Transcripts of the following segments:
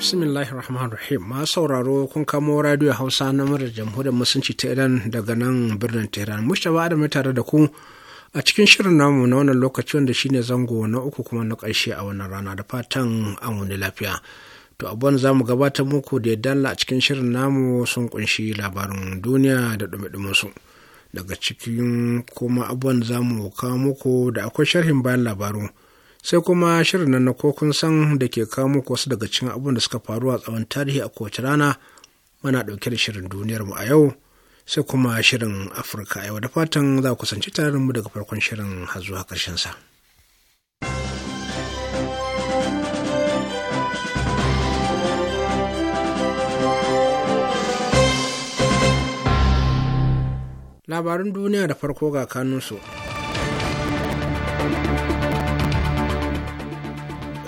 bismillahir rahmanir rahim ma sauraro kun kamo radio hausa na murar jamhuriyar musulunci ta iran daga nan birnin tehran mushaba da tare da ku a cikin shirin namu na wannan lokaci wanda shine zango na uku kuma na ƙarshe a wannan rana da fatan an lafiya to abuwan za mu gabatar muku da yadda a cikin shirin namu sun kunshi labarin duniya da dumi su daga cikin kuma abuwan za mu kawo muku da akwai sharhin bayan labaru sai kuma shirin nan na kokun san da ke kawo muku wasu daga cikin abun da suka faru a tsawon tarihi a kowace rana muna ɗauke da shirin duniyar mu a yau sai kuma shirin afirka a yau da fatan za ku sanci tare mu daga farkon shirin har zuwa ƙarshen sa. Labarin duniya da farko ga kanunsu.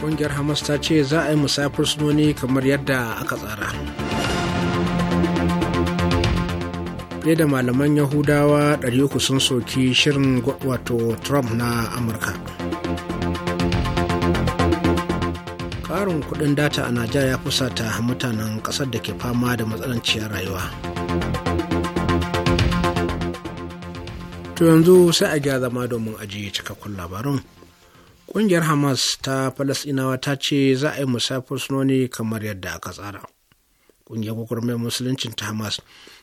kungiyar hamas ta ce za a yi musafir sunoni kamar yadda aka tsara fiye da malaman yahudawa 300 sun soki shirin wato trump na amurka karin kuɗin data a najeriya ya fusata mutanen ƙasar da ke fama da matsananciyar rayuwa to yanzu sai a gya zama domin ajiye cikakkun labarun ƙungiyar hamas ta Falasɗinawa ta ce za a yi musafir sunoni kamar yadda aka tsara ƙungiyar gwagwarmayar musuluncin ta hamas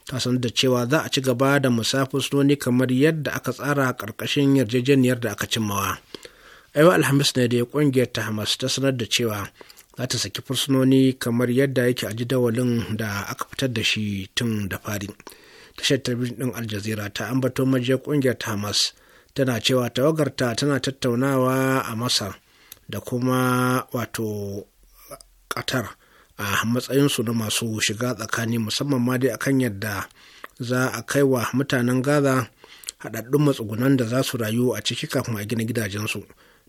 ta sanar da cewa za a ci gaba da musafir sunoni kamar yadda aka tsara ƙarƙashin yarjejeniyar da aka cimmawa a yau alhamis ne da ƙungiyar ta hamas ta sanar da cewa za ta saki fursunoni kamar yadda yake a jidawalin da aka fitar da shi tun da fari tashar talabijin ɗin aljazira ta ambato majiyar ƙungiyar ta hamas tana cewa tawagarta tana tattaunawa a masar da kuma wato qatar a matsayinsu na masu shiga tsakani musamman ma dai akan yadda za a kai wa mutanen gaza haɗaɗɗun matsugunan da za su rayu a ciki kafin a gina gidajensu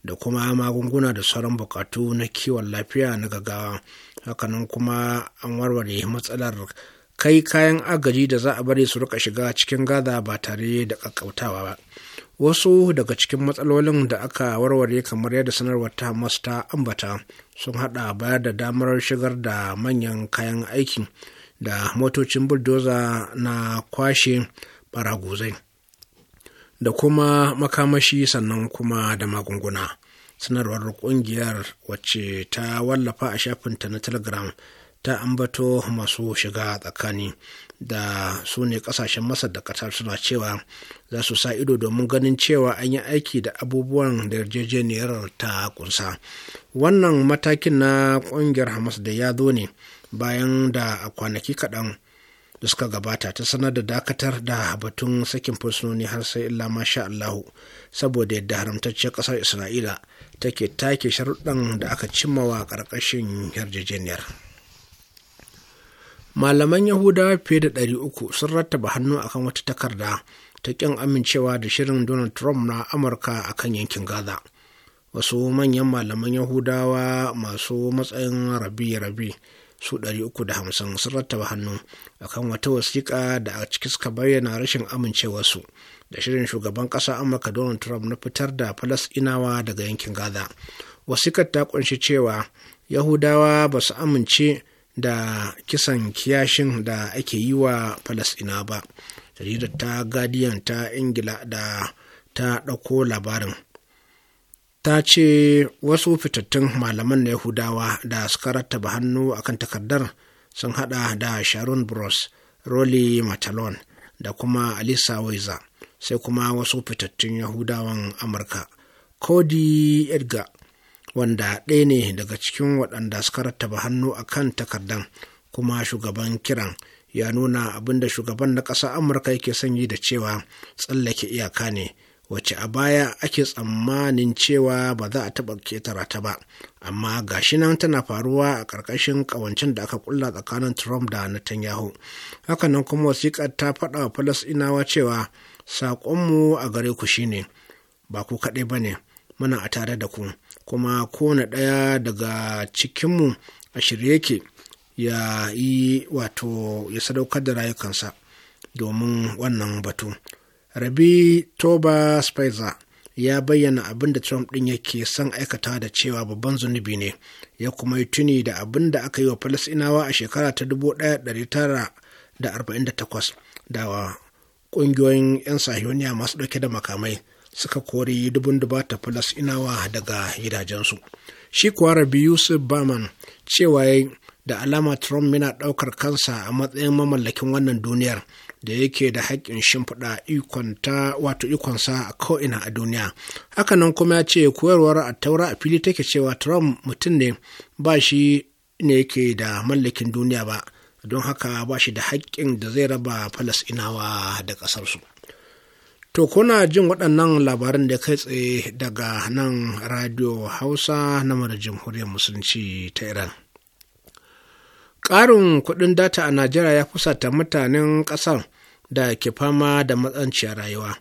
da kuma magunguna da sauran bukatu na kiwon lafiya na gaggawa hakanan kuma an warware matsalar kai kayan agaji da za a bari su rika shiga cikin gaza ba tare da ƙaƙƙautawa ba wasu daga cikin matsalolin da aka warware kamar yadda sanarwar ta hamas ta ambata sun hada bayar da damar shigar da manyan kayan aiki da motocin buldoza na kwashe baraguzai da kuma makamashi sannan kuma da magunguna sanarwar kungiyar wacce ta wallafa a shafinta na telegram ta ambato masu shiga tsakani da su ne kasashen masar da qatar suna cewa za su sa ido domin ganin cewa an yi aiki da abubuwan da yarjejeniyar ta kunsa wannan matakin na kungiyar hamas da ya zo ne bayan da a kwanaki kaɗan da suka gabata ta sanar da dakatar da batun sakin fursunoni har sai illa masha Allahu saboda yadda haramtacciyar ƙasar Isra'ila take take sharuɗan da aka cimmawa ƙarƙashin yarjejeniyar. malaman yahudawa fiye da ɗari uku sun rattaba hannu akan wata takarda ta ƙin amincewa da shirin donald trump na amurka akan yankin gaza wasu manyan malaman yahudawa masu matsayin rabi-rabi su ɗari uku da hamsin sun rattaba hannu akan wata wasiƙa da a ciki suka bayyana rashin amincewarsu da shirin shugaban ƙasa amurka donald trump na fitar da falasɗinawa daga yankin gaza wasiƙar ta ƙunshi cewa yahudawa ba su amince da kisan kiyashin da ake yi wa falasɗina ba jaridar ta guardian ta ingila da ta ɗauko labarin ta ce wasu fitattun malaman na yahudawa da suka rattaba hannu kan takardar sun hada da sharon bros rolly matalon da kuma alisa waiza sai kuma wasu fitattun yahudawan amurka cody edgar wanda ɗaya ne daga cikin waɗanda suka rattaba hannu a kan takardan kuma shugaban kiran ya nuna abin da shugaban na ƙasa amurka yake sanyi da cewa tsallake iyaka ne wacce a baya ake tsammanin cewa ba za a taɓa ketara ta ba amma gashi nan tana faruwa a ƙarƙashin ƙawancin da aka ƙulla tsakanin trump da netanyahu hakanan kuma wasiƙar ta faɗa wa falasɗinawa cewa saƙonmu a gare ku shine ba ku kaɗai ba ne muna a tare da ku kuma kowane ɗaya daga cikinmu a shirye yake ya yi wato ya sadaukar da rayukansa domin wannan batu rabi toba spicer ya bayyana abin da trump ɗin yake son aikata da cewa babban zunubi ne ya kuma yi tuni da abin da aka yi wa falasinawa a shekara ta 1948 da ƙungiyoyin 'yan sahiyoniya masu ɗauke da makamai suka kori dubun dubata falasinawa daga gidajensu shi kuwa rabi yusuf baman cewa da alama trump yana ɗaukar kansa a matsayin mamallakin wannan duniyar da yake da haƙƙin shimfiɗa ta wato ikonsa a ko'ina a duniya hakanan kuma ya ce koyarwar a taura a fili take cewa trump mutum ne ba shi ne yake da mallakin duniya ba don haka ba shi da haƙƙin da zai raba falasɗinawa da ƙasarsu To kuna jin waɗannan labarin da kai tsaye daga nan radio Hausa na mara jamhuriyar musulunci ta Iran. Ƙarin kuɗin data a Najeriya ya fusata mutanen ƙasar da ke fama da matsanciyar rayuwa.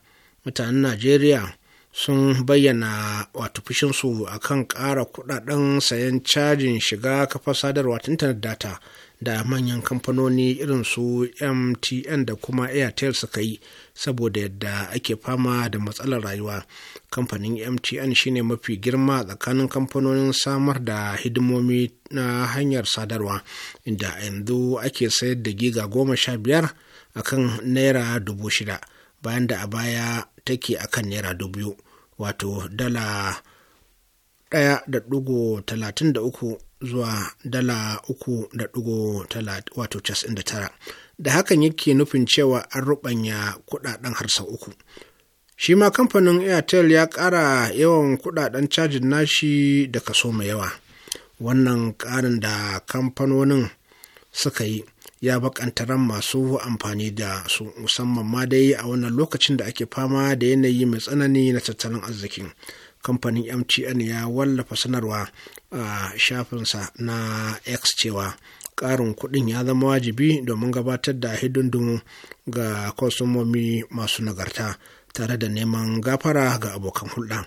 Mutanen Najeriya sun bayyana wato fushinsu a kan ƙara kudaden sayan cajin shiga kafar sadarwa ta intanet data da manyan kamfanoni irin su mtn da kuma airtel suka yi saboda yadda ake fama da matsalar rayuwa kamfanin mtn shine mafi girma tsakanin kamfanonin samar da hidimomi na hanyar sadarwa inda yanzu ake sayar da giga goma sha biyar akan naira dubu shida bayan da a baya take a kan naira dubu wato dala ɗaya da ɗigo talatin da uku zuwa dala uku da ɗigo wato casin da tara da hakan yake nufin cewa an ruɓanya kuɗaɗen har uku shi ma kamfanin airtel ya ƙara yawan kuɗaɗen cajin nashi da kaso mai yawa wannan ƙarin da kamfanonin suka yi ya bakanta ran masu amfani da su musamman ma dai a wannan lokacin da ake fama da yanayi mai tsanani na tattalin arzikin kamfanin mtn ya wallafa sanarwa a shafinsa na x cewa ƙarin kuɗin ya zama wajibi domin gabatar da hidindimu ga kwasomomi masu nagarta tare da neman gafara ga abokan hulɗa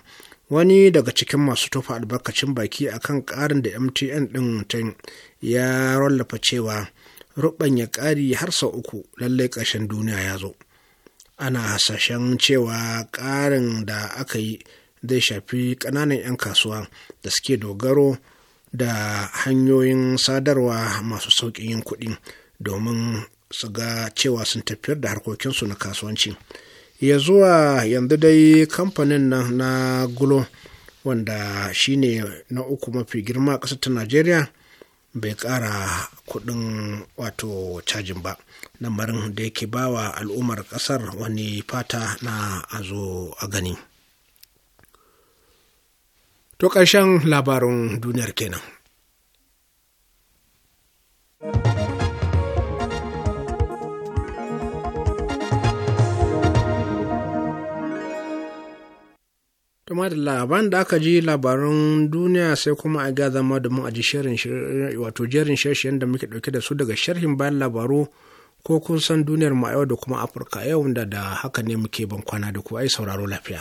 wani daga cikin masu tofa albarkacin baki akan ƙarin da mtn ɗin ya wallafa cewa ruɓanya ƙari har sau uku lallai ƙarshen duniya ya zo ana hasashen cewa ƙarin da aka yi zai shafi ƙananan 'yan kasuwa da suke dogaro da hanyoyin sadarwa masu sauƙin yin kuɗi domin su ga cewa sun tafiyar da harkokinsu na kasuwanci ya zuwa yanzu dai kamfanin nan na gulo wanda shine na uku mafi girma a ƙasar ta najeriya bai ƙara kuɗin wato cajin ba lamarin da yake wa al'ummar ƙasar wani fata na azo a gani to ƙarshen labarin duniyar kenan. Tuma da labaran da aka ji labaran duniya sai kuma a ga zama da domin a ji shirin wato jerin shirshen da muke ɗauke da su daga sharhin bayan labaru ko kun san duniyar mu a yau da kuma Afirka yau da da haka ne muke ban kwana da ku ai sauraro lafiya.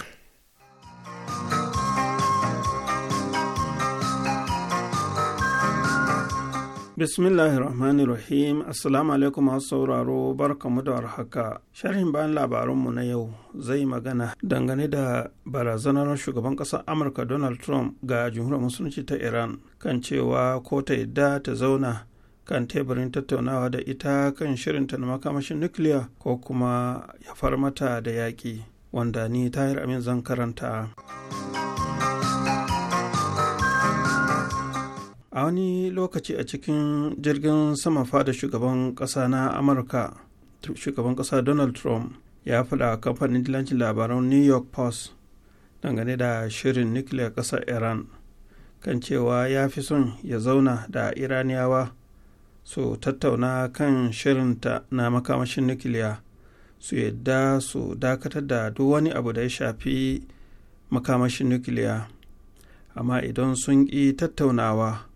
bismillahi Rahmanir Rahim. Assalamu alaikum masu sauraro barkamu da warhaka. Sharhin bayan labaranmu na yau zai magana dangane da barazanar shugaban ƙasar Amurka Donald Trump ga Jamhuriyar Musulunci ta Iran kan cewa ko ta yadda ta zauna kan teburin tattaunawa da ita kan shirinta na makamashin nukiliya ko kuma ya far mata da yaƙi wanda ni tahir amin zan karanta. a wani lokaci a cikin jirgin sama fada shugaban ƙasa na amurka shugaban ƙasa donald trump ya faɗa kamfanin dilancin labaran new york post dangane da shirin nukiliya ƙasa iran kan cewa ya fi son ya zauna da iraniyawa su tattauna kan shirinta na makamashin nukiliya su yadda su dakatar da duk wani abu da ya shafi makamashin nukiliya amma idan sun ƙi tattaunawa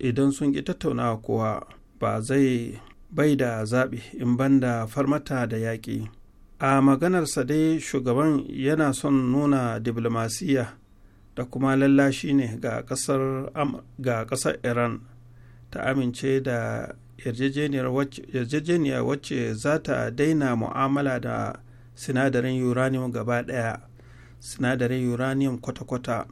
idan sun ƙi tattaunawa kowa ba zai bai da zaɓi in banda farmata da yaƙi a maganarsa dai shugaban yana son nuna diplomasiya da kuma lallashi ne ga ƙasar iran ta amince da yarjejeniyar wacce za ta daina mu'amala da sinadarin uranium gaba ɗaya sinadarin uranium kwata-kwata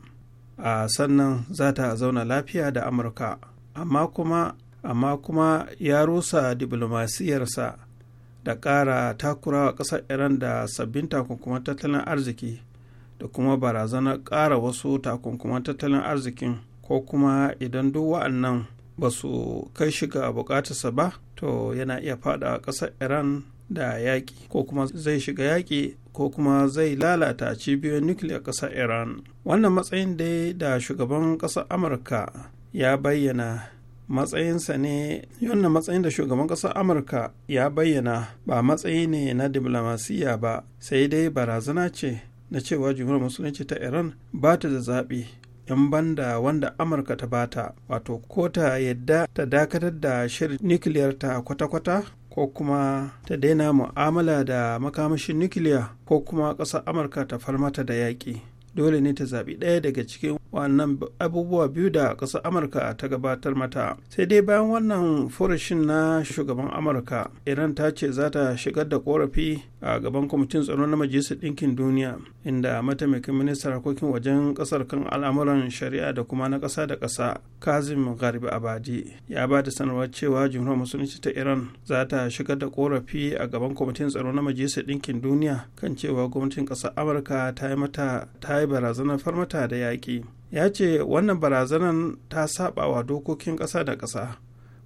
a sannan za ta zauna lafiya da amurka amma kuma amma kuma ya rusa diplomasiyarsa da ƙara takurawa ƙasar iran da sabbin takunkuman tattalin arziki da kuma barazanar ƙara wasu takunkuman tattalin arzikin ko kuma idan duk wa'annan ba su kai shiga bukatarsa ba to yana iya fada ƙasar iran da yaƙi ko kuma zai shiga yaƙi ko kuma zai lalata cibiyoyin nukiliyar ƙasar iran wannan matsayin dai da shugaban ƙasar amurka ya bayyana matsayinsa ne yana matsayin da shugaban ƙasar amurka ya bayyana ba matsayi ne na diplomasiya ba sai dai barazana ce na cewa jumhuriyar musulunci ta iran ba ta da zaɓi in banda wanda amurka ta bata wato ko ta yadda ta dakatar da shirin nukiliyar ta kwata-kwata ko kuma ta daina mu'amala da makamashin nukiliya ko kuma ƙasar amurka ta farmata da yaƙi dole ne ta zaɓi ɗaya daga cikin wannan abubuwa biyu da ƙasar amurka ta gabatar mata sai dai bayan wannan furashin na shugaban amurka iran ta ce za ta shigar da ƙorafi a gaban kwamitin tsaro na majalisar ɗinkin duniya inda mataimakin ministan harkokin wajen ƙasar kan al'amuran shari'a da kuma na ƙasa da ƙasa kazim garbi abadi ya ba da sanarwar cewa jumhuriyar musulunci ta iran za ta shigar da korafi a gaban kwamitin tsaro na majalisar ɗinkin duniya kan cewa gwamnatin ƙasar amurka ta yi mata ta yi barazanar farmata da yaƙi ya ce wannan barazanar ta saɓawa wa dokokin ƙasa da ƙasa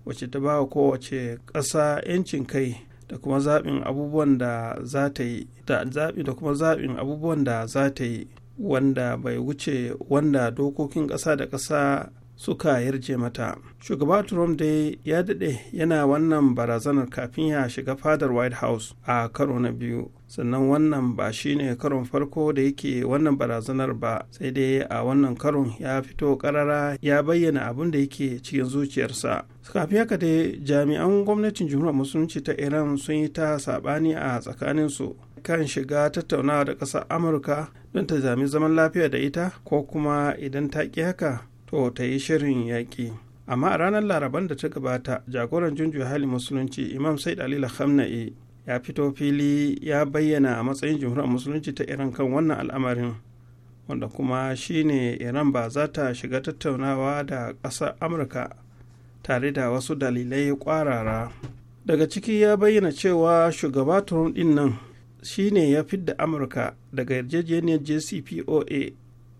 wace ta ba wa kowace ƙasa 'yancin kai da kuma zaɓin abubuwan da za ta yi da kuma zaɓin abubuwan da za ta yi wanda bai wuce wanda dokokin ƙasa da ƙasa suka yarje mata shugaba trump dai ya daɗe yana wannan barazanar kafin ya shiga fadar white house a karo na biyu sannan wannan ba shine karon farko da yake wannan barazanar ba sai dai a wannan karon ya fito karara ya bayyana abin da yake cikin zuciyarsa kafin haka dai jami'an gwamnatin jumhuriyar musulunci ta iran sun yi ta saɓani a tsakanin su kan shiga tattaunawa da ƙasar amurka don ta zami zaman lafiya da ita ko kuma idan ta ƙi haka to ta yi shirin yaƙi amma a ranar laraban da ta gabata jagoran junju hali musulunci imam said ali khamna'i ya fito fili ya bayyana a matsayin jamhuriyar musulunci ta iran kan wannan al'amarin wanda kuma shine iran ba za ta shiga tattaunawa da ƙasar amurka tare da wasu dalilai ƙwarara daga ciki ya bayyana cewa shugaba trump din nan shine ya fidda amurka daga yarjejeniyar jcpoa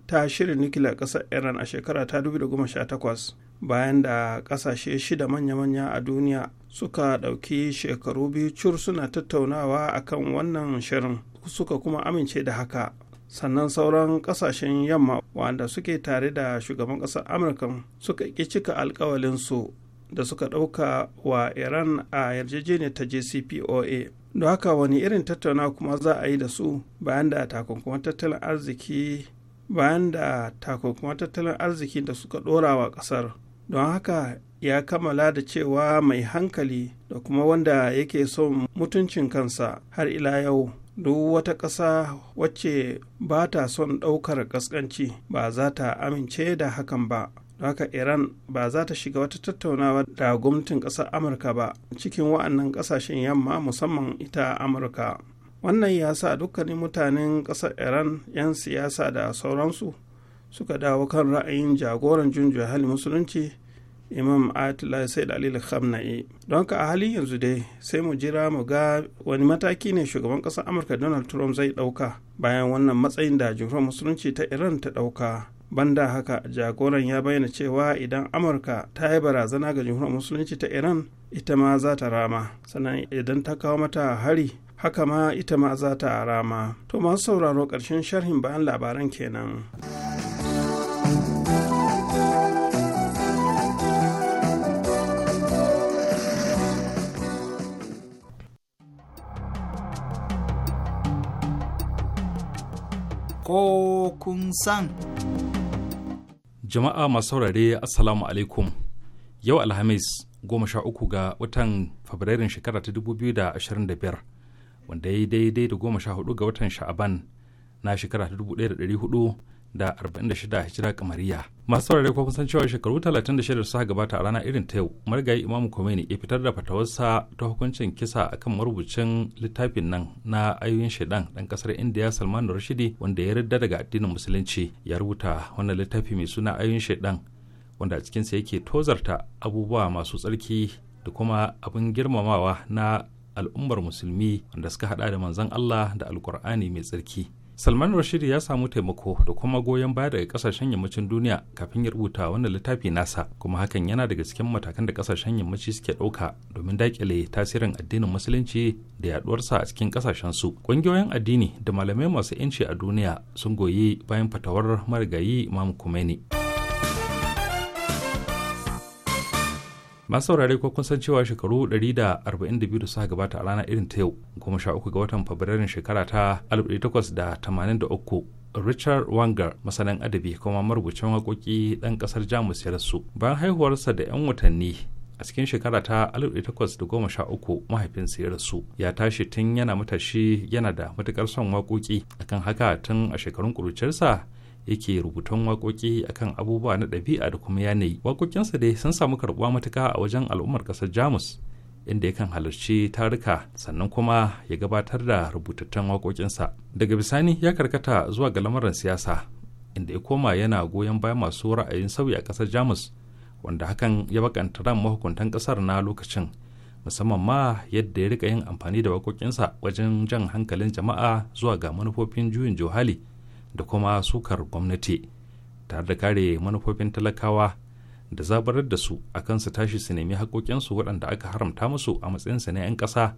ta shirin nikila ƙasar iran a shekara ta 2018 bayan da ƙasashe shida manya-manya a duniya suka ɗauki shekaru biyu cur suna tattaunawa akan wannan shirin suka kuma amince da haka sannan sauran ƙasashen yamma wanda suke tare da shugaban ƙasar amurka suka ƙi cika alkawalinsu da suka ɗauka wa iran a yarjejeniyar ta jcpoa don haka wani irin tattauna kuma za a yi da su bayan da takunkuman tattalin arziki bayan da takunkuma tattalin arzikin da suka ɗora wa ƙasar don haka ya kammala da cewa mai hankali da kuma wanda yake son mutuncin kansa har ila yau duk wata ƙasa wacce ba ta son ɗaukar ƙasƙanci ba za ta amince da hakan ba haka iran ba za ta shiga wata tattaunawa da gwamnatin ƙasar amurka ba cikin wa'annan ƙasashen yamma musamman ita amurka wannan ya sa dukkanin mutanen ƙasar iran 'yan siyasa da sauransu suka dawo kan ra'ayin jagoran junjiya hali musulunci imam atila said alil khamna'i don ka a halin yanzu dai sai mu jira mu ga wani mataki ne shugaban ƙasar amurka donald trump zai ɗauka bayan wannan matsayin da jumhuriyar musulunci ta iran ta ɗauka banda haka jagoran ya bayyana cewa idan amurka ta yi barazana ga jumhuriyar musulunci ta iran ita ma za ta rama sannan idan ta kawo mata hari haka ma ita ma za ta arama to masu sauraro ƙarshen sharhin bayan labaran kenan. ko kun san. Jama'a masu saurare Assalamu alaikum. Yau Alhamis goma sha uku ga watan Fabrairun shekara ta dubu da ashirin da biyar wanda ya yi daidai da goma sha hudu ga watan sha'aban na shekara ta dubu ɗaya da ɗari hudu da arba'in da shida hijira kamariya masu saurare ko kusan cewa shekaru talatin da shida suka gabata a rana irin ta yau marigayi imamu komeni ya fitar da fatawarsa ta hukuncin kisa akan marubucin littafin nan na ayoyin shaidan dan kasar indiya salmanu rashidi wanda ya yarda daga addinin musulunci ya rubuta wannan littafi mai suna ayoyin shaidan wanda a cikinsa yake tozarta abubuwa masu tsarki da kuma abin girmamawa na al'ummar musulmi wanda suka hada da manzon Allah da alkur'ani mai tsarki Salman Rashid ya samu taimako da kuma goyon baya daga kasashen yammacin duniya kafin ya rubuta wannan littafi nasa kuma hakan yana daga cikin matakan da kasashen yammaci suke ɗauka domin dakile tasirin addinin musulunci da yaduwarsa a cikin kasashen su. Ƙungiyoyin addini da malamai masu 'yanci a duniya sun goyi bayan fatawar marigayi Imam Khomeini. ma saurari ko kun san cewa shekaru 142 da suka gabata a rana irin ta yau goma sha uku ga watan fabrairun shekara ta 1883 Richard Wanger masanin adabi kuma marubucin waƙoƙi ɗan ƙasar Jamus ya rasu bayan haihuwarsa da 'yan watanni a cikin shekara ta 1813 mahaifinsa ya rasu ya tashi tun yana matashi yana da matukar son waƙoƙi akan haka tun a shekarun ƙuruciyarsa yake rubutan waƙoƙi akan abubuwa na ɗabi'a da kuma yanayi waƙoƙinsa dai sun samu karɓuwa matuka a wajen al'ummar ƙasar jamus inda yakan halarci taruka sannan kuma ya gabatar da rubutattun waƙoƙinsa daga bisani ya karkata zuwa ga lamarin siyasa inda ya koma yana goyon bayan masu ra'ayin sauyi a ƙasar jamus wanda hakan ya bakanta ran mahukuntan ƙasar na lokacin musamman ma yadda ya rika yin amfani da waƙoƙinsa wajen jan hankalin jama'a zuwa ga manufofin juyin johali da kuma sukar gwamnati tare da kare manufofin talakawa da zabarar da su akan su tashi su nemi haƙoƙinsu waɗanda aka haramta musu a matsayin su na 'yan ƙasa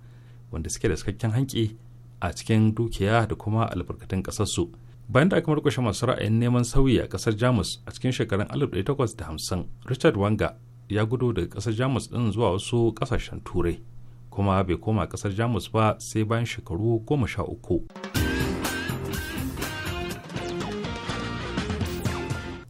wanda suke da cikakken hanki a cikin dukiya da kuma albarkatun ƙasarsu bayan da aka murƙushe masu ra'ayin neman sauyi a ƙasar jamus a cikin shekarun 1850 richard wanga ya gudu daga ƙasar jamus ɗin zuwa wasu ƙasashen turai kuma bai koma ƙasar jamus ba sai bayan shekaru goma sha uku.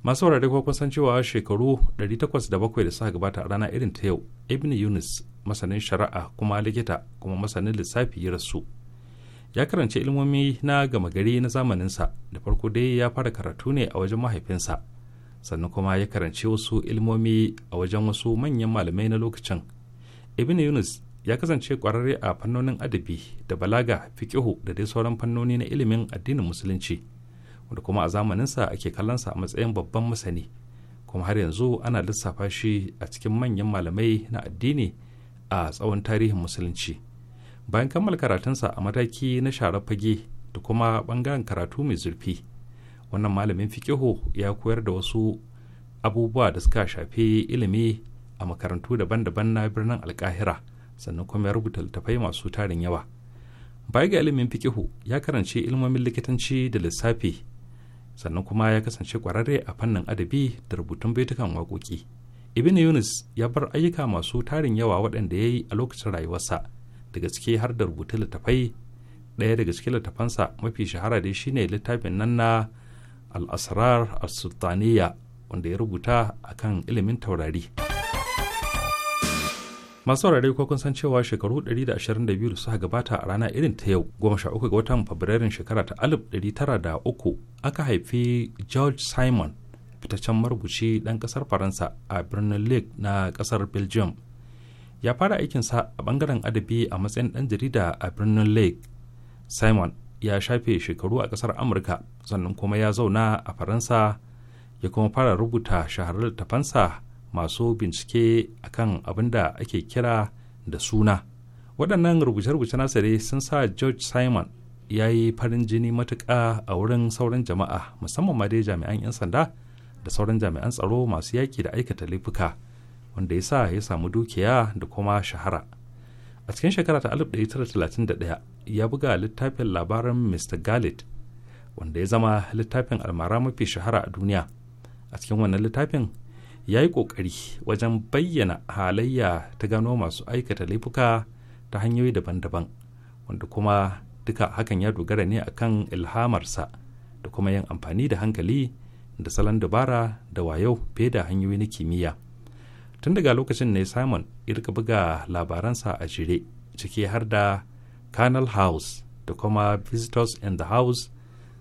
masu wurare ko kusan cewa shekaru 807 da suka gabata a rana irin ta yau ibn yunus masanin shari'a kuma likita kuma masanin lissafi ya rasu ya karance ilmomi na gama gari na zamaninsa da farko dai ya fara karatu ne a wajen mahaifinsa sannan kuma ya karance wasu ilmomi a wajen wasu manyan malamai na lokacin ibn yunus ya kasance kwararre a fannonin adabi da balaga fikihu da dai sauran fannoni na ilimin addinin musulunci wanda kuma a zamaninsa ake kallonsa a matsayin babban masani kuma har yanzu ana lissafa shi a cikin manyan malamai na addini a tsawon tarihin musulunci bayan kammala karatunsa a mataki na sharar fage da kuma bangaren karatu mai zurfi wannan malamin fikihu ya koyar da wasu abubuwa da suka shafi ilimi a makarantu daban-daban na birnin alkahira sannan kuma ya rubuta littattafai masu tarin yawa baya ga ilimin fikihu ya karanci ilmomin likitanci da lissafi sannan kuma ya kasance kwararre a fannin adabi da rubutun baitukan waƙoƙi ibn yunus ya bar ayyuka masu tarin yawa waɗanda ya yi a lokacin rayuwarsa daga ciki har da rubuta littafai ɗaya daga cikin littafansa mafi shahara dai shine littafin nan na al-asrar as-sultaniya wanda ya rubuta akan ilimin taurari. masu saurare ko kun san cewa shekaru 122 da suka gabata a rana irin ta yau 13 ga watan fabrairun shekara ta 1903 aka haifi george simon fitaccen marubuci dan kasar faransa a birnin lake na kasar belgium ya fara aikinsa a bangaren adabi a matsayin dan jarida a birnin lake simon ya shafe shekaru a kasar amurka sannan kuma ya zauna a faransa ya kuma fara rubuta shahararren tafansa masu bincike akan abin da ake kira da suna waɗannan rubuce-rubuce nasa dai sun sa george simon ya yi farin jini matuƙa a wurin sauran jama'a musamman ma dai jami'an 'yan sanda da sauran jami'an tsaro masu yaƙi da aikata laifuka wanda ya sa ya samu dukiya da kuma shahara a cikin shekara ta 1931 ya buga littafin labarin mr gallet wanda ya zama littafin almara mafi shahara a duniya a cikin wannan littafin ya yi ƙoƙari wajen bayyana halayya ta gano masu aikata laifuka ta hanyoyi daban-daban wanda kuma duka hakan ya dogara ne a kan ilhamarsa da kuma yin amfani da hankali da salon dabara da wayo fiye da hanyoyi na kimiyya tun daga lokacin ne simon ya buga labaransa a jire ciki har da canal house da kuma visitors in the house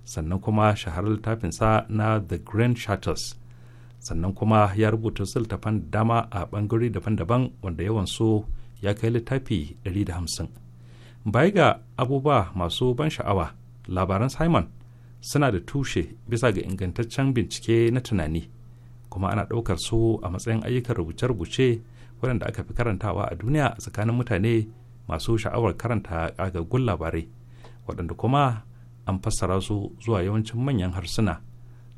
sannan kuma shaharar littafinsa na the grand shutters sannan kuma ya rubuta wasu littafan dama a ɓangare daban-daban wanda yawansu ya kai littafi 150 baya ga abubuwa masu ban sha'awa labaran simon suna da tushe bisa ga ingantaccen bincike na tunani kuma ana ɗaukar su a matsayin ayyukan rubuce-rubuce waɗanda aka fi karantawa a duniya a tsakanin mutane masu sha'awar karanta ƙagaggun labarai waɗanda kuma an fassara su zuwa yawancin manyan harsuna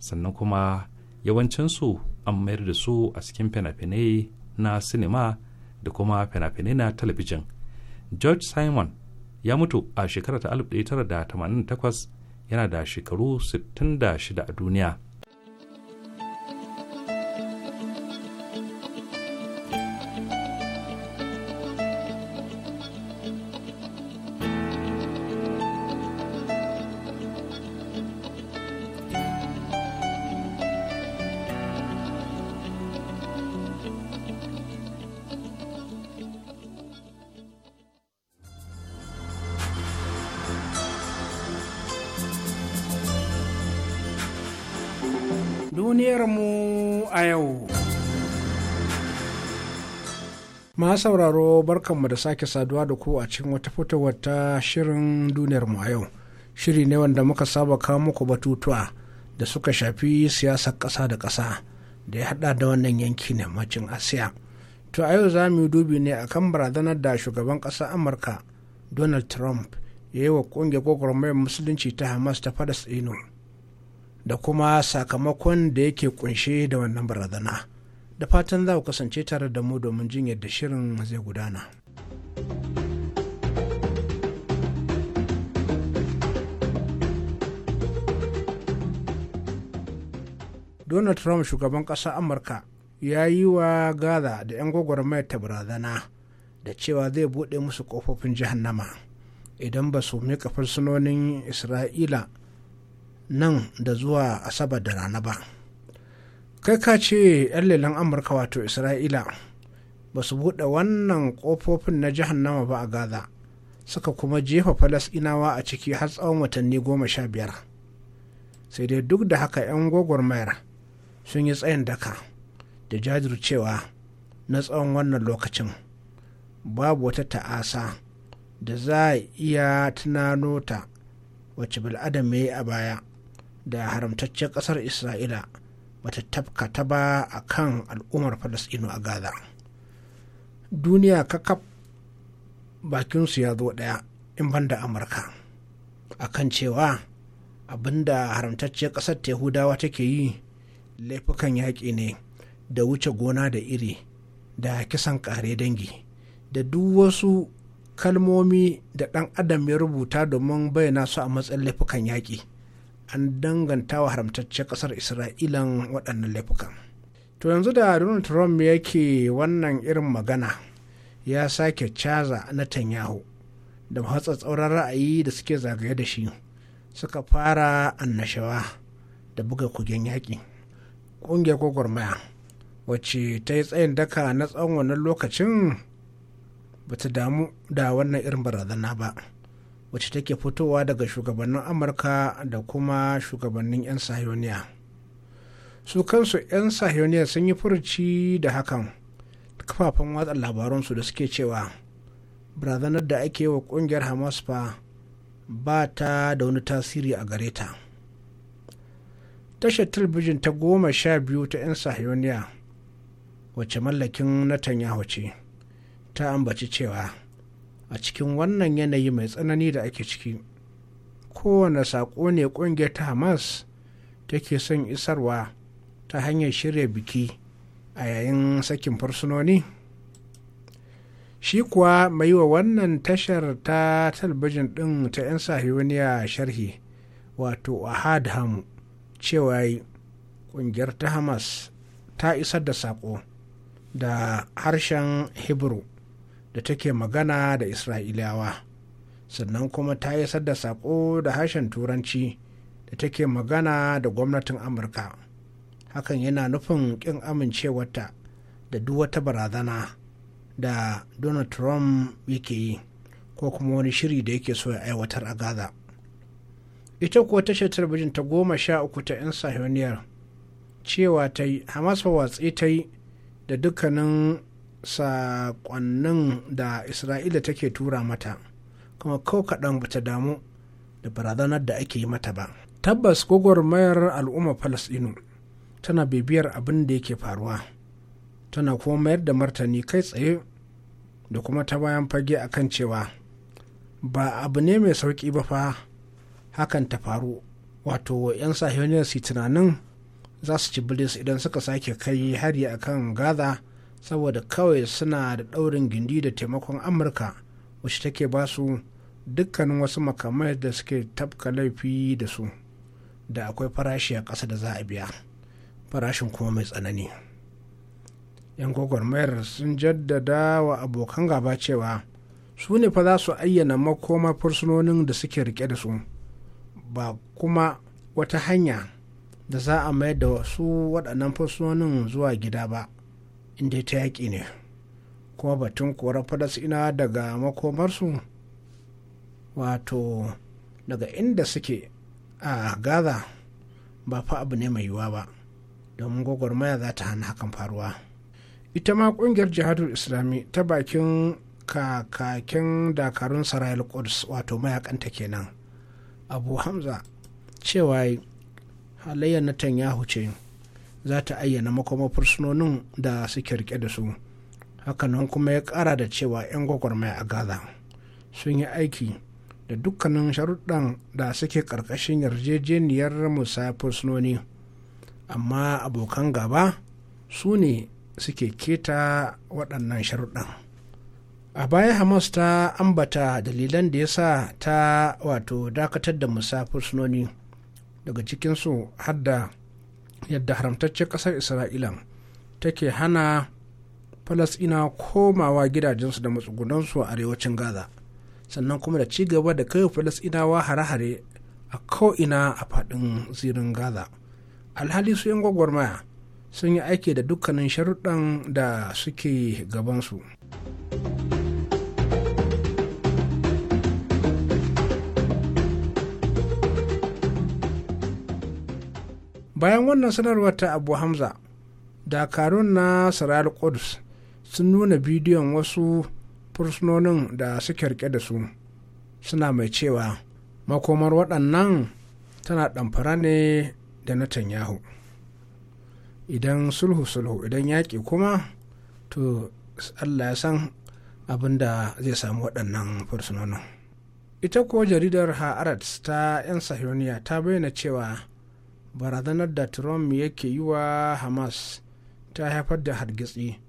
sannan kuma yawancinsu an mayar da su a cikin fina-finai na sinima da kuma fina-finai na talabijin george simon ya mutu a shekarar ta 1988 yana da shekaru 66 a duniya mu a yau. Ma sauraro barkanmu da sake saduwa da ku a cikin wata fitowar ta shirin duniyarmu a yau. Shiri ne wanda muka saba kawo muku batutuwa da suka shafi siyasar ƙasa da ƙasa da ya haɗa da wannan yanki na macin Asiya. To a yau za mu yi dubi ne a kan barazanar da shugaban ƙasar Amurka Donald Trump ya yi wa ƙungiyar gwagwarmayar musulunci ta Hamas ta Fadas Ino. da kuma sakamakon da yake kunshe da wannan barazana da fatan za ku kasance tare da mu domin jin yadda shirin zai gudana. donald trump shugaban kasa amurka ya yi wa gaza da 'yan gwagwarmayar ta barazana da cewa zai buɗe musu ƙofofin jahannama idan ba su miƙa fursunonin isra'ila nan da zuwa asabar da rana ba kai ka ce 'yan lelen amurka wato isra'ila ba su buɗe wannan ƙofofin na nama ba a gaza suka kuma jefa falasɗinawa a ciki har tsawon watanni goma sha biyar sai dai duk da haka 'yan gwagwarmayar sun yi tsayin daka da jajircewa na tsawon wannan lokacin babu wata ta'asa da za a iya tunanota ta wacce bil'adam ya yi a baya da haramtaccen kasar isra'ila bata tafka ta ba a kan al'ummar falasɗinu a gaza duniya kakaf bakinsu ya zo ɗaya in banda amurka a kan cewa abinda haramtacciyar ƙasar yahudawa take yi laifukan yaƙi ne da wuce gona da iri da kisan kare dangi da duk wasu kalmomi da ɗan adam ya rubuta domin bayyana su a matsayin laifukan yaƙi an danganta wa haramtaccen ƙasar isra'ilan waɗannan laifuka. to yanzu da donald trump yake wannan irin magana ya sake caza na Tanyaho da matsatsauran ra'ayi da suke zagaye da shi suka fara annashawa da buga kugen yaƙi ƙungiyar gwagwarmaya wacce ta yi tsayin daka na tsawon wannan lokacin ba ta damu da wannan irin barazana ba. wacce take fitowa daga shugabannin amurka da kuma shugabannin 'yan sahiyoniya su kansu 'yan sahiyoniya sun yi furuci da hakan kafafen watsa labaransu da suke cewa barazanar da ake wa kungiyar hamas fa ba ta da wani tasiri a gare ta tashar talbijin ta goma sha biyu ta 'yan sahiyoniya wacce mallakin na ce ta ambaci cewa a cikin wannan yanayi mai tsanani da ake ciki kowane saƙo ne ƙungiyar ta hamas take son isarwa ta hanyar shirya biki a yayin sakin fursunoni shi kuwa mai wa wannan tashar ta talbijin ɗin ta 'yan sahiyoniya sharhi wato ahad hamu cewa ƙungiyar ta hamas ta isar da saƙo da harshen hebrew da take magana da isra'ilawa sannan kuma ta isar da saƙo da harshen turanci da take magana da gwamnatin amurka hakan yana nufin ƙin amincewarta da duk wata barazana da donald trump yake yi ko kuma wani shiri da yake so ya aiwatar a gaza ita kuwa tashar talabijin ta goma sha uku ta 'yan sahiyoniyar cewa ta yi hamas watsi ta yi da dukkanin saƙonnin da isra'ila take tura mata kuma ko kaɗan bata damu da barazanar da ake yi mata ba tabbas gwagwarmayar al'umma falasɗinu tana bibiyar abin da yake faruwa tana kuma mayar da martani kai tsaye da kuma ta bayan fage akan cewa ba abu ne mai sauƙi ba fa hakan ta faru wato 'yan sahihoniyar su tunanin za su ci bilis idan suka sake kai hari akan gaza saboda kawai suna da ɗaurin gindi da taimakon amurka wacce take ba su dukkanin wasu makamai da suke tafka laifi da su da akwai farashi a ƙasa da za a biya farashin kuma mai tsanani yan gwagwarmayar sun jaddada wa abokan gaba cewa su ne fa za su ayyana makoma fursunonin da suke rike da su ba kuma wata hanya da za a mayar da su waɗannan fursunonin zuwa gida ba inda ta yaƙi ne kuma batun korar falasina daga makomarsu wato daga inda suke a gaza ba fa abu ne mai yiwuwa ba domin gwagwarmaya za ta hana hakan faruwa ita ma kungiyar jihadul islami ta bakin kakakin dakarun sarayil quds wato mayakanta kenan abu hamza cewa halayyar netanyahu ce za ta ayyana makoma fursunonin da suke rike da su hakanan kuma ya kara da cewa 'yan gwagwarmaya a gaza sun yi aiki da dukkanin sharuɗan da suke ƙarƙashin yarjejeniyar musa fursunoni amma abokan gaba su ne suke keta waɗannan sharuɗan a baya hamas ta ambata dalilan da ya sa ta wato dakatar da musafir sunoni daga cikinsu hadda yadda haramtaccen ƙasar isra'ila take hana falasina komawa gidajensu da matsugunansu a arewacin gaza sannan kuma da ci gaba da kai falasinawa hare-hare a ko'ina a faɗin zirin gaza alhali su 'yan gwagwarmaya sun yi aiki da dukkanin sharuɗan da suke gabansu. bayan wannan sanarwar ta abu hamza dakarun na siral kudus sun nuna bidiyon wasu fursunonin da suke rike da su suna mai cewa makomar waɗannan tana ɗamfara ne da na yahu idan sulhu sulhu idan yaƙi kuma to allah ya san abin da zai samu waɗannan fursunonin ita ko jaridar ha'arat ta 'yan sahiyoniya ta bayyana cewa barazanar da trump yake yi wa hamas ta haifar da hargitsi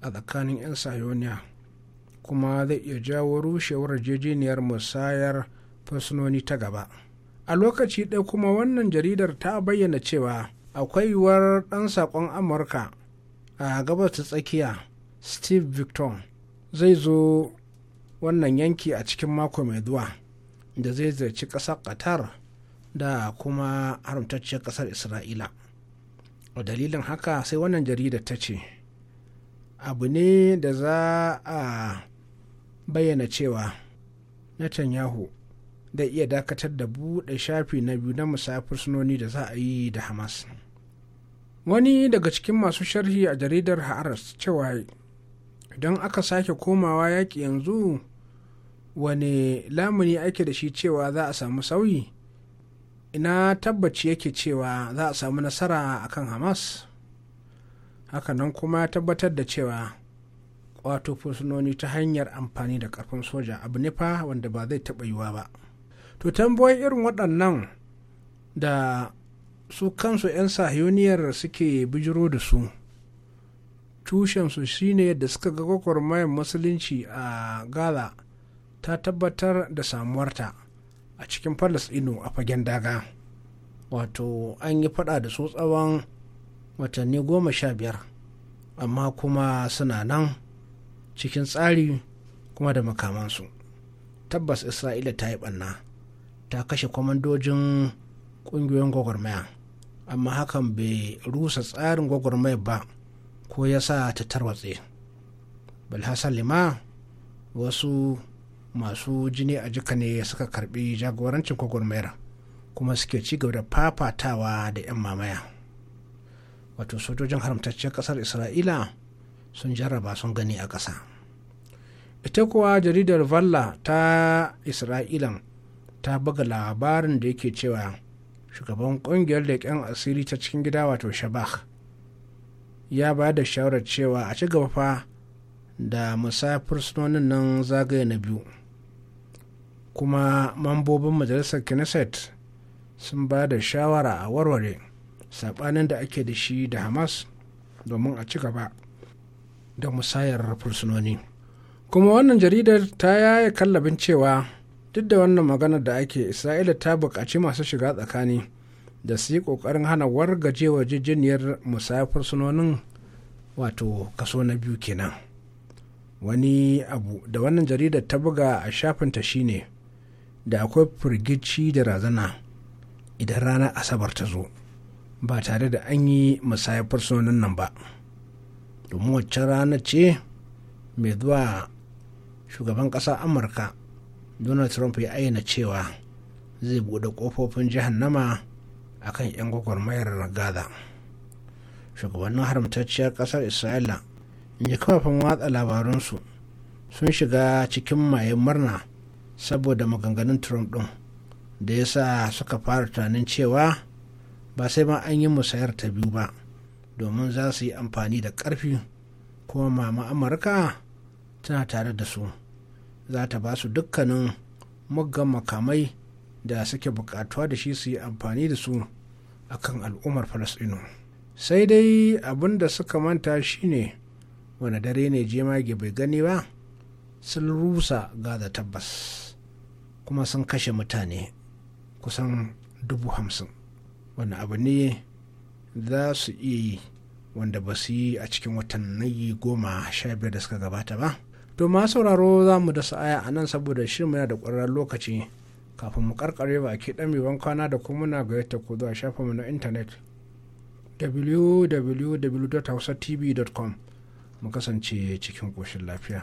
a tsakanin 'yan sayoniya kuma zai iya jawo rushewar yarjejeniyar musayar fursunoni ta gaba a lokaci ɗaya kuma wannan jaridar ta bayyana cewa akwai yiwuwar ɗan saƙon amurka a gabas ta tsakiya steve victor zai zo wannan yanki a cikin mako mai zuwa da zai ziyarci ƙasar qatar da kuma haramtacciyar kasar isra'ila a dalilin haka sai wannan jaridar ta ce abu ne da za a bayyana cewa netanyahu da iya dakatar da buɗe shafi na biyu na musafir sunoni da za a yi da hamas wani daga cikin masu sharhi a jaridar haras cewa idan aka sake komawa yaƙi yanzu wane lamuni ake da shi cewa za a samu sauyi ina tabbaci yake cewa za a samu nasara a kan hamas hakanan kuma ya tabbatar da cewa wato fursunoni ta hanyar amfani da karfin soja abu ne fa wanda ba zai taɓa yiwa ba to tambayoyin irin waɗannan da su kansu 'yan sahiyoniyar suke bijiro da su tushensu shine yadda suka ga gwagwarmayar musulunci a gaza ta tabbatar da samuwarta a cikin falasɗinu a fagen daga wato an yi fada da su tsawon watanni goma sha biyar amma kuma suna nan cikin tsari kuma da makamansu tabbas isra'ila ta yi ɓanna ta kashe kwamandojin ƙungiyoyin gwagwarmaya amma hakan bai rusa tsarin gwagwarmaya ba ko ya sa ta tarwatse balhassan lima wasu masu jini a jika ne suka karbi jagorancin gwagwarmayar kuma suke ci gaba da fafatawa da 'yan mamaya wato sojojin haramtacciyar kasar isra'ila sun jarraba sun gani a ƙasa ita kuwa jaridar valla ta isra'ilan ta buga labarin da yake cewa shugaban kungiyar leƙen asiri ta cikin gida wato shabak ya ba da shawarar cewa a ci gaba fa da musafir sunonin nan zagaya na biyu kuma mambobin majalisar knesset sun ba da shawara a warware saɓanin da ake da shi da hamas domin a ci gaba da musayar fursunoni kuma wannan jaridar ta yaya kallabin cewa duk da wannan maganar da ake isra'ila ta buƙaci masu shiga tsakani da su yi ƙoƙarin hana wargajewa jijjiniyar musayar fursunonin wato kaso na biyu kenan wani abu da wannan jaridar ta buga a shafinta shine da akwai firgici da razana idan ranar asabar ta zo ba tare da an yi musayar sunan nan ba domin wacce rana ce mai zuwa shugaban ƙasa amurka donald trump ya ayyana cewa zai buɗe ƙofofin nama a kan 'yan gwagwarmayar gaza shugabannin haramtacciyar ƙasar isra'ila ya kafafan watsa labarunsu sun shiga cikin maye murna saboda maganganun trump ɗin da ya sa suka fara tunanin cewa ba sai ma an yi musayar ta biyu ba domin za su yi amfani da ƙarfi kuma mama amurka tana tare da su za ta ba su dukkanin muggan makamai da suke bukatuwa da shi su yi amfani da su a kan al'ummar falasɗinu sai dai abin da suka manta shine wani dare ne jemage bai gani ba sun rusa gaza tabbas kuma sun kashe mutane kusan dubu hamsin wani abu ne za su iya yi wanda ba su yi a cikin watanni goma sha biyar da suka gabata ba to ma sauraro za mu da sa'aya a nan saboda shirin da ƙwararren lokaci kafin mu karkare ba ke ɗan ban kwana da kuma muna yadda ku zuwa mu na intanet www.hausatv.com mu kasance cikin ƙoshin lafiya.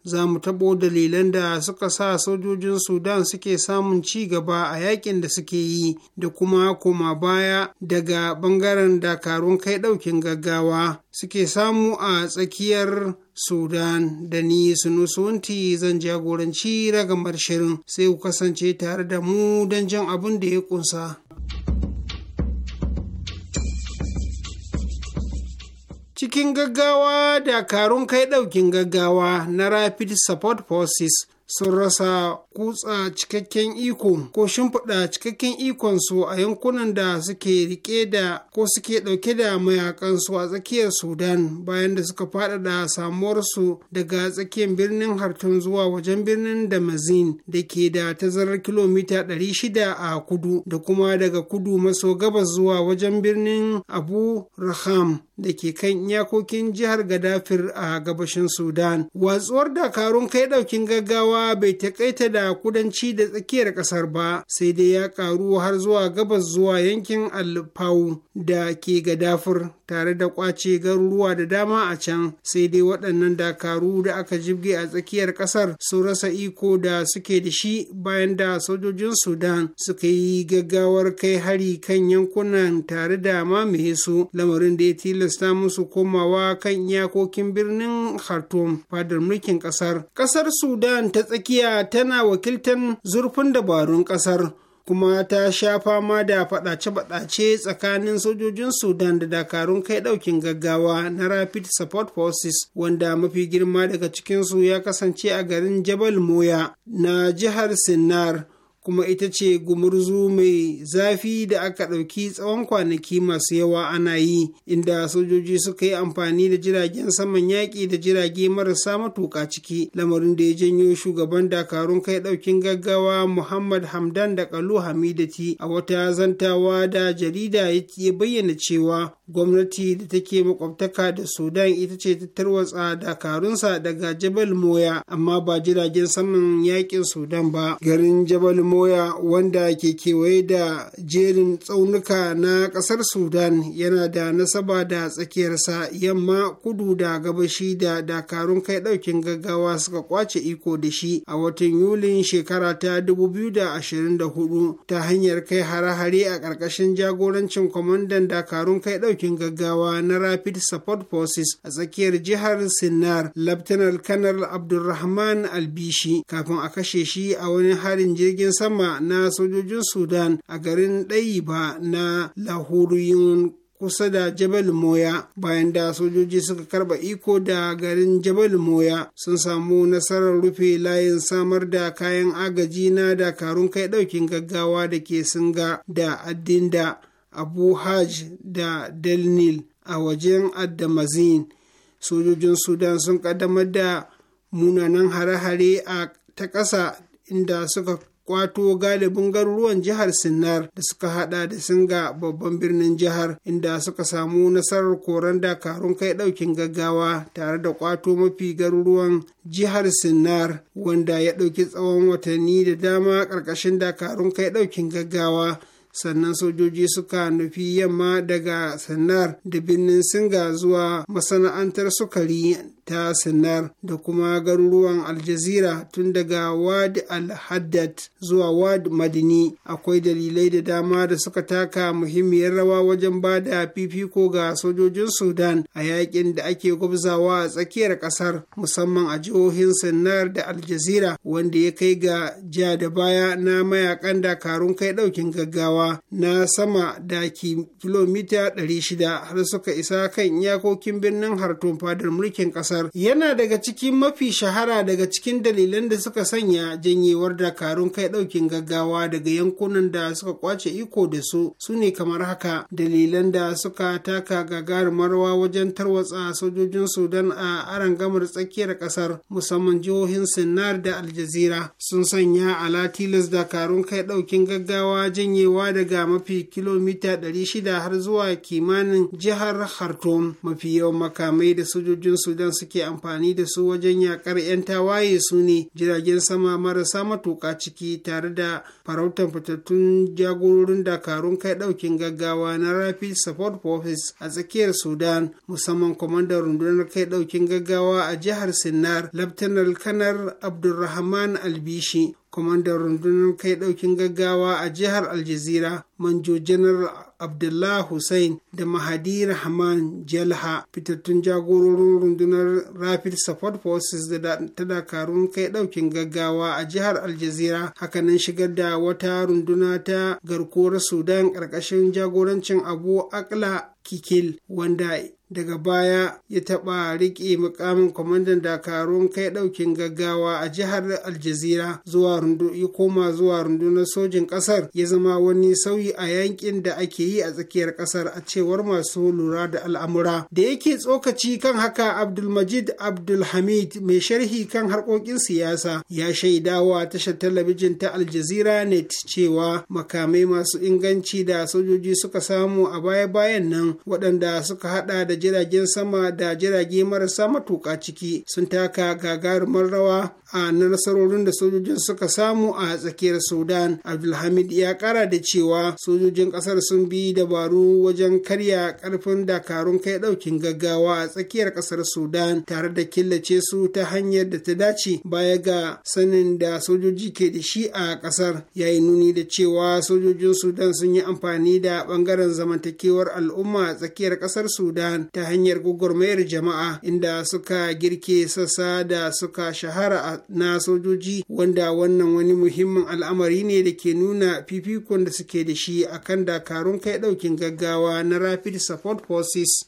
za mu tabo dalilan da suka sa sojojin sudan suke samun ci gaba a yakin da suke yi da kuma koma baya daga bangaren dakarun kai daukin gaggawa suke samu a tsakiyar sudan da ni sunusunti zan jagoranci ragamar shirin sai ku kasance tare da mu don jan abin da ya kunsa. cikin gaggawa da karun kai ɗaukin gaggawa na rapid support forces sun rasa kutsa cikakken iko ko shimfiɗa cikakken ikonsu a yankunan da suke rike da ko suke ɗauke da mayakansu a tsakiyar sudan bayan da suka faɗaɗa samuwarsu daga tsakiyar birnin hartun zuwa wajen birnin damazin da ke da tazarar kilomita 600 a kudu da kuma daga kudu maso gabas zuwa wajen birnin abu raham da ke kan iyakokin jihar gadafir a gabashin sudan watsuwar dakarun kai ɗaukin gaggawa bai taƙaita da da kudanci da tsakiyar kasar ba sai dai ya karu har zuwa gabas zuwa yankin alfawu da ke gadafur tare da kwace garuruwa da dama a can sai dai waɗannan dakaru da aka jibge a tsakiyar ƙasar sun rasa iko da suke da shi bayan da sojojin sudan suka yi gaggawar kai hari kan yankunan tare da mamaye su lamarin da ya tilasta musu komawa kan iyakokin birnin khartoum fadar mulkin ƙasar ƙasar sudan ta tsakiya tana wakiltar zurfin dabarun ƙasar kuma ta sha fama da faɗace-faɗace tsakanin sojojin sudan da dakarun kai ɗaukin gaggawa na rapid support forces wanda mafi girma daga cikinsu ya kasance a garin jabal moya na jihar sinnar kuma ita ce gumurzu mai zafi da aka ɗauki tsawon kwanaki masu yawa ana yi inda sojoji suka yi amfani da jiragen saman yaƙi da jirage marasa matuƙa ciki lamarin da ya janyo shugaban dakarun kai ɗaukin gaggawa muhammad hamdan da kalu hamidati a wata zantawa da jarida ya bayyana cewa gwamnati da take makwabtaka da sudan ita ce ta tarwatsa dakarunsa daga jabal moya amma ba jiragen saman yakin sudan ba garin jabal moya wanda ke kewaye da jerin tsaunuka na kasar sudan yana da nasaba da tsakiyarsa yamma kudu da gabashi da dakarun kai daukin gaggawa suka kwace iko da shi a watan yulin shekara ta 2024 ta hanyar kai hare-hare a ƙarƙashin jagorancin kwamandan dakarun kai daukin mataimakin gaggawa na rapid support forces a tsakiyar jihar sinnar laftanar kanar abdulrahman albishi kafin a kashe shi a wani harin jirgin sama na sojojin sudan a garin ɗayiba na lahuruyin kusa da Jabal Moya bayan da sojoji suka karba iko da garin Jabal Moya sun samu nasarar rufe layin samar da kayan agaji na dakarun kai daukin gaggawa da ke singa da addinda abu hajj da delnil a wajen addamazin sojojin sudan sun kaddamar da munanan hare-hare a ta ƙasa inda suka kwato galibin garuruwan jihar sinnar da suka hada da singa babban birnin jihar inda suka samu nasarar koran dakarun kai daukin gaggawa tare da kwato mafi garuruwan jihar sinnar wanda ya dauki tsawon watanni da dama karkashin dakarun kai daukin gaggawa sannan sojoji suka nufi yamma daga sanar da birnin singa zuwa masana'antar sukari ta sinar da kuma garuruwan aljazira tun daga wad al-haddad zuwa wad madini akwai dalilai da dama da suka taka muhimmiyar rawa wajen ba da fifiko ga sojojin sudan a yakin da ake gwabzawa a tsakiyar kasar musamman a jihohin sannar da aljazira wanda ya kai ga ja da baya na mayakan dakarun kai daukin gaggawa hawa na sama da kilomita 600 har suka isa kan iyakokin birnin hartun fadar mulkin kasar yana daga cikin mafi shahara daga cikin dalilan da suka sanya janyewar dakarun kai ɗaukin gaggawa daga yankunan da suka kwace iko da su su ne kamar haka dalilan da suka taka gagarumar rawa wajen tarwatsa sojojin sudan a arangamar tsakiyar kasar musamman jihohin sinar da aljazira sun sanya ala tilas dakarun kai ɗaukin gaggawa janyewa daga mafi kilomita 600 har zuwa kimanin jihar Khartoum mafi yawan makamai da sojojin Sudan suke amfani da su wajen yakar 'yan tawaye su ne jiragen sama marasa matuƙa ciki tare da farautan fitattun jagororin dakarun kai ɗaukin gaggawa na Rapid Support Forces a tsakiyar Sudan musamman kwamandan rundunar kai ɗaukin gaggawa a jihar Sinnar Laftanar Kanar Abdulrahman Albishi kwamandan rundunar kai ɗaukin gaggawa a jihar aljazira manjo janar abdullah hussein da mahadi rahman jalha fitattun jagororin rundunar rapid support forces da ta dakarun kai ɗaukin gaggawa a jihar aljazira hakanan shigar da wata runduna ta garkuwar sudan ƙarƙashin jagorancin abu akla kikil wanda daga baya ya taɓa riƙe mukamin kwamandan dakarun kai ɗaukin gaggawa a jihar aljazira zuwa rundu ya koma zuwa rundunar sojin ƙasar ya zama wani sauyi a yankin da ake yi a tsakiyar ƙasar a cewar masu lura da al'amura da yake tsokaci kan haka abdulmajid abdulhamid mai sharhi kan harkokin siyasa ya shaidawa tashar talabijin ta aljazira net cewa makamai masu inganci da sojoji suka samu a baya-bayan nan waɗanda suka haɗa da jiragen sama da jirage marasa matuƙa ciki sun taka gagarumar rawa a nasarorin da sojojin suka samu a tsakiyar sudan abdulhamid ya kara da cewa sojojin kasar sun bi dabaru wajen karya karfin dakarun kai daukin gaggawa a tsakiyar kasar sudan tare da killace su ta hanyar da ta dace baya ga sanin da sojoji ke da shi a kasar ya yi nuni da cewa sojojin sudan sun yi amfani da bangaren zamantakewar al'umma a tsakiyar kasar sudan ta hanyar gwagwarmayar jama'a inda suka girke sassa da suka shahara na sojoji wanda wannan wani muhimmin al'amari ne da ke nuna fifikon da suke da shi akan dakarun kai daukin gaggawa na rapid support forces.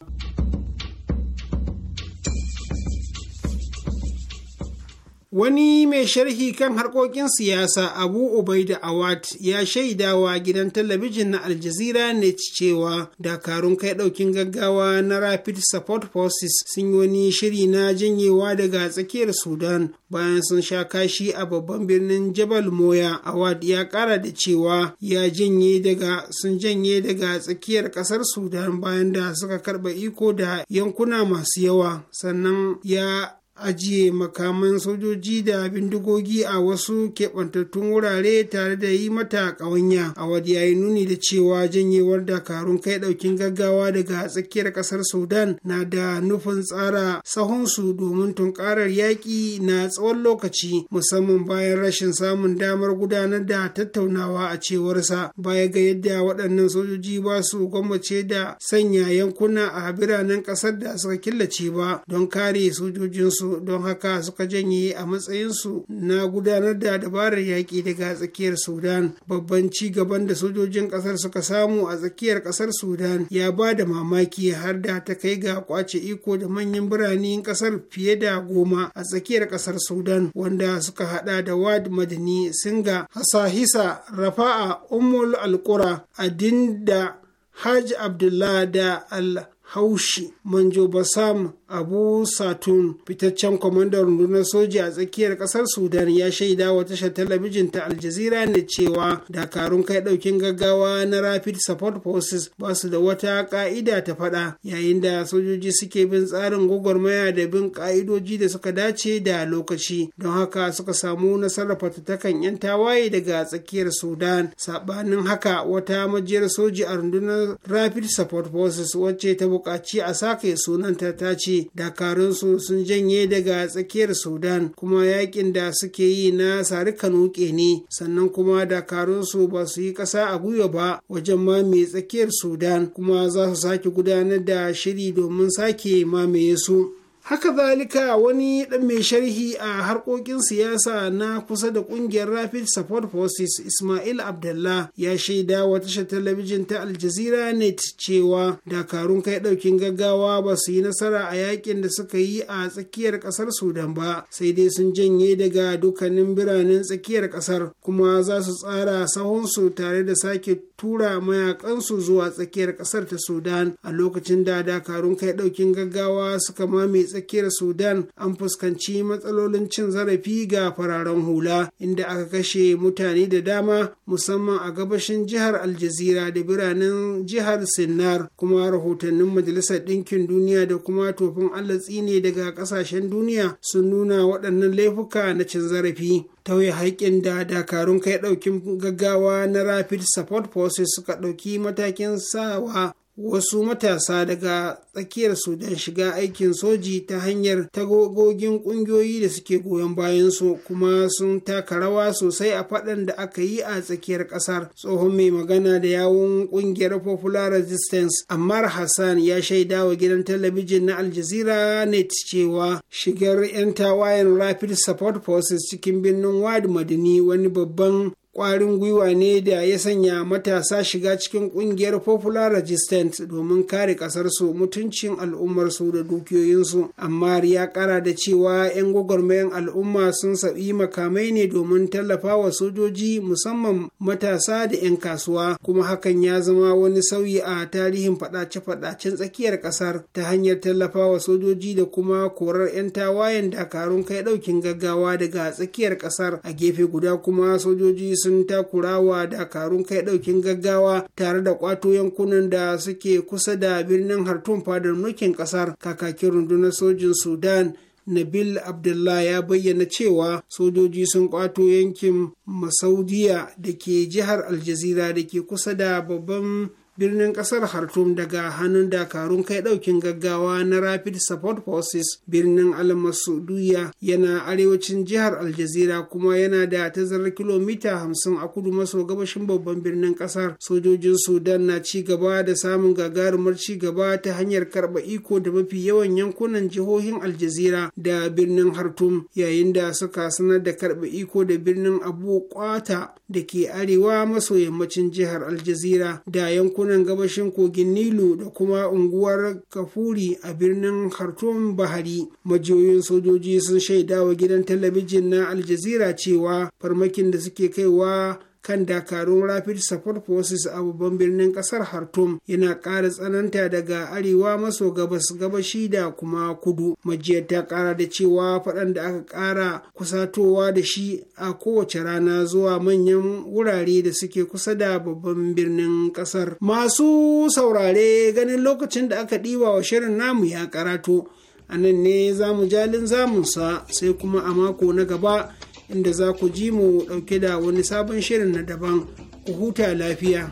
Wani mai sharhi kan harkokin siyasa Abu Ubaida Awad ya shaidawa gidan talabijin na Aljazeera ne cewa dakarun kai ɗaukin gaggawa na Rapid Support Forces sun yi wani shiri na janyewa daga tsakiyar Sudan bayan sun sha kashi a babban birnin Jabal Moya. Awad ya ƙara da cewa ya janye daga sun janye daga tsakiyar ƙasar Sudan bayan da suka karɓa iko da yankuna masu yawa sannan ya ajiye makaman sojoji da bindigogi a wasu keɓantattun wurare tare da yi mata ƙawanya a wadda yi nuni da cewa janyewar dakarun kai ɗaukin gaggawa daga tsakiyar ƙasar sudan na da nufin tsara sahunsu domin tunƙarar yaƙi na tsawon lokaci musamman bayan rashin samun damar gudanar da tattaunawa a cewarsa baya ga yadda waɗannan sojoji ba su gwammace da sanya yankuna a biranen ƙasar da suka killace ba don kare sojojinsu su don haka suka janye a matsayinsu na gudanar da dabarar yaƙi daga tsakiyar sudan babban ci gaban da sojojin ƙasar suka samu a tsakiyar ƙasar sudan ya ba da mamaki har da ta kai ga kwace iko da manyan birane ƙasar fiye da goma a tsakiyar ƙasar sudan wanda suka haɗa da wad madani singa hasahisa rafa'a umul alkura adinda hajj abdullah da Allah. haushi manjo basam abu satun fitaccen kwamandan rundunar soji a tsakiyar kasar sudan ya shaida wa tashar talabijin ta aljazira ne cewa dakarun kai daukin gaggawa na rapid support forces ba su da wata ka'ida ta fada yayin da sojoji suke bin tsarin gwagwarmaya da bin ka'idoji da suka dace da lokaci don haka suka samu nasarar fatattakan yan tawaye daga tsakiyar sudan sabanin haka wata majiyar soji a rundunar rapid support forces wacce ta buƙaci a sake sunanta ta ce dakarunsu sun janye daga tsakiyar sudan kuma yakin da suke yi na sarika nuke ne sannan kuma dakarunsu ba su yi ƙasa a gwiwa ba wajen mame tsakiyar sudan kuma za su sake gudanar da shiri domin sake mamaye su haka zalika wani dan mai sharhi a harkokin siyasa na kusa da kungiyar rapid support forces ismail abdullah ya shaida wa tashar talabijin ta aljazira net cewa dakarun kai daukin gaggawa ba su yi nasara a yakin da suka yi a tsakiyar kasar sudan ba sai dai sun janye daga dukkanin biranen tsakiyar kasar kuma za su tsara sahunsu tare da sake tura mayakansu zuwa tsakiyar kasar ta sudan a lokacin da dakarun kai daukin gaggawa suka mame tsakiyar sudan an fuskanci matsalolin cin zarafi ga fararen hula inda aka kashe mutane da dama musamman a gabashin jihar aljazira da biranen jihar sinnar kuma rahotannin majalisar ɗinkin duniya da kuma tofin allah tsine daga ƙasashen duniya sun nuna waɗannan laifuka na cin zarafi tauye haƙƙin da dakarun kai ɗaukin gaggawa na rapid support forces suka ɗauki matakin sawa wasu matasa daga tsakiyar su don shiga aikin soji ta hanyar tagogogin kungiyoyi da suke goyon bayansu kuma sun taka rawa sosai a faɗan da aka yi a tsakiyar ƙasar tsohon mai magana da yawun ƙungiyar popular resistance ammar hassan ya shaida wa gidan talabijin na aljazeera net cewa shigar 'yan tawayen rapid support forces cikin birnin Wadi madini wani babban kwarin gwiwa ne da ya sanya matasa shiga cikin kungiyar popular resistance domin kare kasarsu mutuncin al'ummarsu da dukiyoyinsu amma ya kara da cewa 'yan gwagwarmayan al'umma sun saɓi makamai ne domin tallafa wa sojoji musamman matasa da 'yan kasuwa kuma hakan ya zama wani sauyi a tarihin faɗace-faɗacen tsakiyar ƙasar ta hanyar tallafa wa sojoji da kuma korar 'yan tawayen dakarun kai ɗaukin gaggawa daga tsakiyar ƙasar a gefe guda kuma sojoji sun takurawa dakarun kai daukin gaggawa tare da kwato yankunan da suke kusa da birnin hartun fadar mulkin kasar kakakin rundunar sojin sudan Nabil Abdullah ya bayyana cewa sojoji sun kwato yankin Masaudiya da ke jihar Aljazira da ke kusa da babban birnin kasar hartum daga hannun dakarun kai daukin gaggawa na Rapid Support Forces birnin Almasuduya yana arewacin jihar Aljazira kuma yana da tazarar kilomita 50 a kudu maso gabashin babban birnin kasar. Sojojin Sudan na ci gaba da samun gagarumar ci gaba ta hanyar karɓa iko da mafi yawan yankunan jihohin Aljazira da birnin hartum yayin da suka sanar da karɓa iko da birnin Abu Kwata da ke arewa maso yammacin jihar Aljazira da yankunan yankunan gabashin kogin nilu da kuma unguwar kafuri a birnin khartoum bahari majiyoyin sojoji sun shaidawa gidan talabijin na aljazira cewa farmakin da suke kaiwa kan dakarun rapid support forces a babban birnin kasar hartum yana ƙara tsananta daga arewa maso gabas gabashi da kuma kudu majiyar ta kara da cewa faɗan da aka ƙara kusatowa da shi a kowace rana zuwa manyan wurare da suke kusa da babban birnin kasar masu saurare ganin lokacin da aka ɗiba wa shirin namu ya karato a nan ne zamu jalin zamunsa sai kuma a mako na gaba inda za ku ji mu ɗauke da wani sabon shirin na daban ku huta lafiya